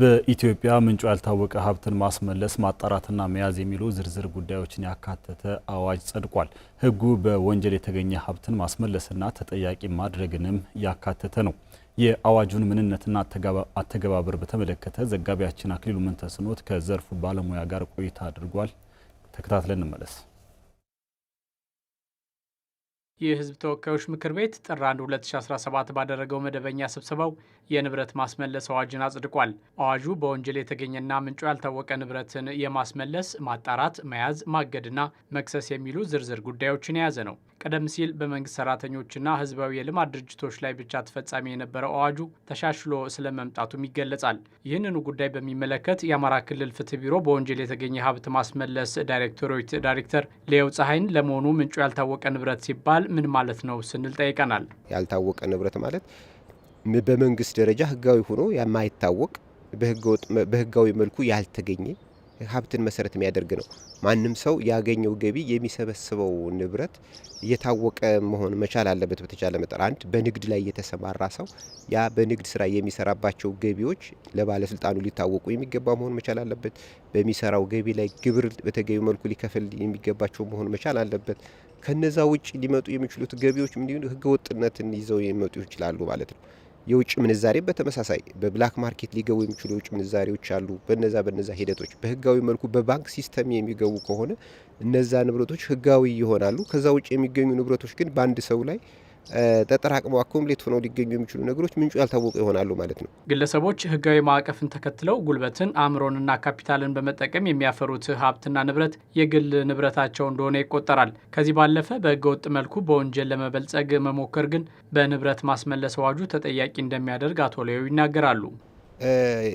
በኢትዮጵያ ምንጩ ያልታወቀ ሀብትን ማስመለስ ማጣራትና መያዝ የሚሉ ዝርዝር ጉዳዮችን ያካተተ አዋጅ ጸድቋል። ሕጉ በወንጀል የተገኘ ሀብትን ማስመለስና ተጠያቂ ማድረግንም ያካተተ ነው። የአዋጁን ምንነትና አተገባበር በተመለከተ ዘጋቢያችን አክሊሉ ምንተስኖት ከዘርፉ ባለሙያ ጋር ቆይታ አድርጓል። ተከታትለን እንመለስ። የህዝብ ተወካዮች ምክር ቤት ጥር 1 2017 ባደረገው መደበኛ ስብሰባው የንብረት ማስመለስ አዋጅን አጽድቋል። አዋጁ በወንጀል የተገኘና ምንጩ ያልታወቀ ንብረትን የማስመለስ ማጣራት፣ መያዝ፣ ማገድና መክሰስ የሚሉ ዝርዝር ጉዳዮችን የያዘ ነው። ቀደም ሲል በመንግስት ሰራተኞችና ህዝባዊ የልማት ድርጅቶች ላይ ብቻ ተፈጻሚ የነበረው አዋጁ ተሻሽሎ ስለመምጣቱም ይገለጻል። ይህንኑ ጉዳይ በሚመለከት የአማራ ክልል ፍትህ ቢሮ በወንጀል የተገኘ ሀብት ማስመለስ ዳይሬክቶሬት ዳይሬክተር ሌው ፀሐይን ለመሆኑ ምንጩ ያልታወቀ ንብረት ሲባል ምን ማለት ነው ስንል ጠይቀናል። ያልታወቀ ንብረት ማለት በመንግስት ደረጃ ህጋዊ ሆኖ የማይታወቅ በህጋዊ መልኩ ያልተገኘ ሀብትን መሰረት የሚያደርግ ነው። ማንም ሰው ያገኘው ገቢ የሚሰበስበው ንብረት እየታወቀ መሆን መቻል አለበት። በተቻለ መጠን አንድ በንግድ ላይ የተሰማራ ሰው ያ በንግድ ስራ የሚሰራባቸው ገቢዎች ለባለስልጣኑ ሊታወቁ የሚገባ መሆን መቻል አለበት። በሚሰራው ገቢ ላይ ግብር በተገቢ መልኩ ሊከፍል የሚገባቸው መሆን መቻል አለበት። ከነዛ ውጭ ሊመጡ የሚችሉት ገቢዎች ምን ህገወጥነትን ይዘው የሚመጡ ይችላሉ ማለት ነው። የውጭ ምንዛሬ በተመሳሳይ በብላክ ማርኬት ሊገቡ የሚችሉ የውጭ ምንዛሬዎች አሉ። በነዛ በነዛ ሂደቶች በህጋዊ መልኩ በባንክ ሲስተም የሚገቡ ከሆነ እነዛ ንብረቶች ህጋዊ ይሆናሉ። ከዛ ውጭ የሚገኙ ንብረቶች ግን በአንድ ሰው ላይ ተጠራቅመው አኮምሌት ሆነው ሊገኙ የሚችሉ ነገሮች ምንጩ ያልታወቁ ይሆናሉ ማለት ነው። ግለሰቦች ህጋዊ ማዕቀፍን ተከትለው ጉልበትን፣ አእምሮንና ካፒታልን በመጠቀም የሚያፈሩት ሀብትና ንብረት የግል ንብረታቸው እንደሆነ ይቆጠራል። ከዚህ ባለፈ በህገወጥ መልኩ በወንጀል ለመበልጸግ መሞከር ግን በንብረት ማስመለስ አዋጁ ተጠያቂ እንደሚያደርግ አቶ ላዩ ይናገራሉ።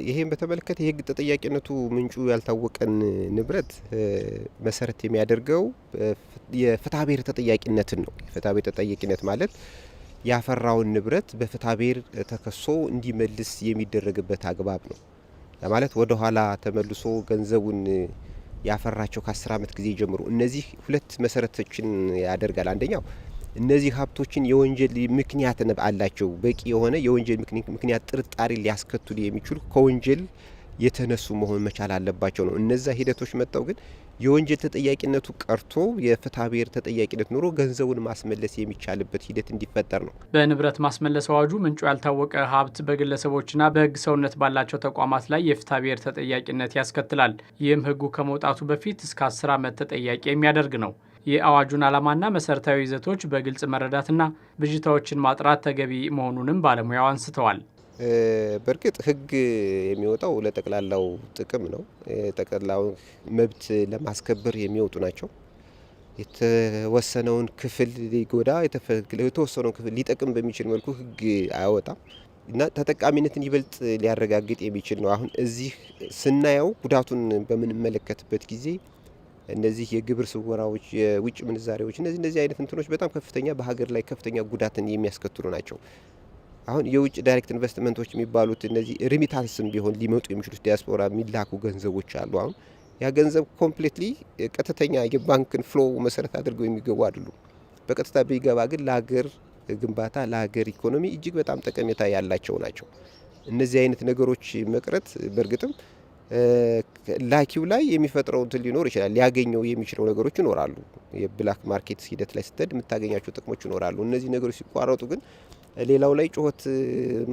ይሄን በተመለከተ የህግ ተጠያቂነቱ ምንጩ ያልታወቀን ንብረት መሰረት የሚያደርገው የፍትሐብሔር ተጠያቂነትን ነው። የፍትሐብሔር ተጠያቂነት ማለት ያፈራውን ንብረት በፍትሐብሔር ተከሶ እንዲመልስ የሚደረግበት አግባብ ነው። ለማለት ወደ ኋላ ተመልሶ ገንዘቡን ያፈራቸው ከአስር ዓመት ጊዜ ጀምሮ እነዚህ ሁለት መሰረቶችን ያደርጋል። አንደኛው እነዚህ ሀብቶችን የወንጀል ምክንያት አላቸው። በቂ የሆነ የወንጀል ምክንያት ጥርጣሬ ሊያስከትሉ የሚችሉ ከወንጀል የተነሱ መሆን መቻል አለባቸው ነው። እነዛ ሂደቶች መጥተው ግን የወንጀል ተጠያቂነቱ ቀርቶ የፍትሐ ብሔር ተጠያቂነት ኑሮ ገንዘቡን ማስመለስ የሚቻልበት ሂደት እንዲፈጠር ነው። በንብረት ማስመለስ አዋጁ ምንጩ ያልታወቀ ሀብት በግለሰቦችና በሕግ ሰውነት ባላቸው ተቋማት ላይ የፍትሐ ብሔር ተጠያቂነት ያስከትላል። ይህም ሕጉ ከመውጣቱ በፊት እስከ አስር ዓመት ተጠያቂ የሚያደርግ ነው። የአዋጁን ዓላማና መሰረታዊ ይዘቶች በግልጽ መረዳትና ብዥታዎችን ማጥራት ተገቢ መሆኑንም ባለሙያው አንስተዋል። በእርግጥ ህግ የሚወጣው ለጠቅላላው ጥቅም ነው። ጠቅላላው መብት ለማስከበር የሚወጡ ናቸው። የተወሰነውን ክፍል ሊጎዳ የተወሰነውን ክፍል ሊጠቅም በሚችል መልኩ ህግ አያወጣም እና ተጠቃሚነትን ይበልጥ ሊያረጋግጥ የሚችል ነው። አሁን እዚህ ስናየው ጉዳቱን በምንመለከትበት ጊዜ እነዚህ የግብር ስወራዎች፣ የውጭ ምንዛሬዎች፣ እነዚህ እነዚህ አይነት እንትኖች በጣም ከፍተኛ በሀገር ላይ ከፍተኛ ጉዳትን የሚያስከትሉ ናቸው። አሁን የውጭ ዳይሬክት ኢንቨስትመንቶች የሚባሉት እነዚህ ሪሚታንስም ቢሆን ሊመጡ የሚችሉት ዲያስፖራ የሚላኩ ገንዘቦች አሉ። አሁን ያ ገንዘብ ኮምፕሌትሊ ቀጥተኛ የባንክን ፍሎ መሰረት አድርገው የሚገቡ አይደሉም። በቀጥታ ቢገባ ግን ለሀገር ግንባታ ለሀገር ኢኮኖሚ እጅግ በጣም ጠቀሜታ ያላቸው ናቸው። እነዚህ አይነት ነገሮች መቅረት በእርግጥም ላኪው ላይ የሚፈጥረው እንትን ሊኖር ይችላል። ሊያገኘው የሚችለው ነገሮች ይኖራሉ። የብላክ ማርኬት ሂደት ላይ ስትሄድ የምታገኛቸው ጥቅሞች ይኖራሉ። እነዚህ ነገሮች ሲቋረጡ ግን ሌላው ላይ ጩኸት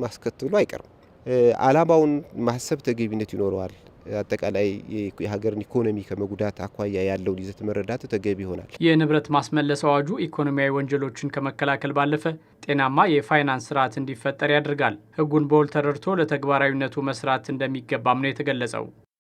ማስከትሉ አይቀርም። አላማውን ማሰብ ተገቢነት ይኖረዋል። አጠቃላይ የሀገርን ኢኮኖሚ ከመጉዳት አኳያ ያለውን ይዘት መረዳት ተገቢ ይሆናል። የንብረት ማስመለስ አዋጁ ኢኮኖሚያዊ ወንጀሎችን ከመከላከል ባለፈ ጤናማ የፋይናንስ ስርዓት እንዲፈጠር ያደርጋል። ሕጉን በውል ተረድቶ ለተግባራዊነቱ መስራት እንደሚገባም ነው የተገለጸው።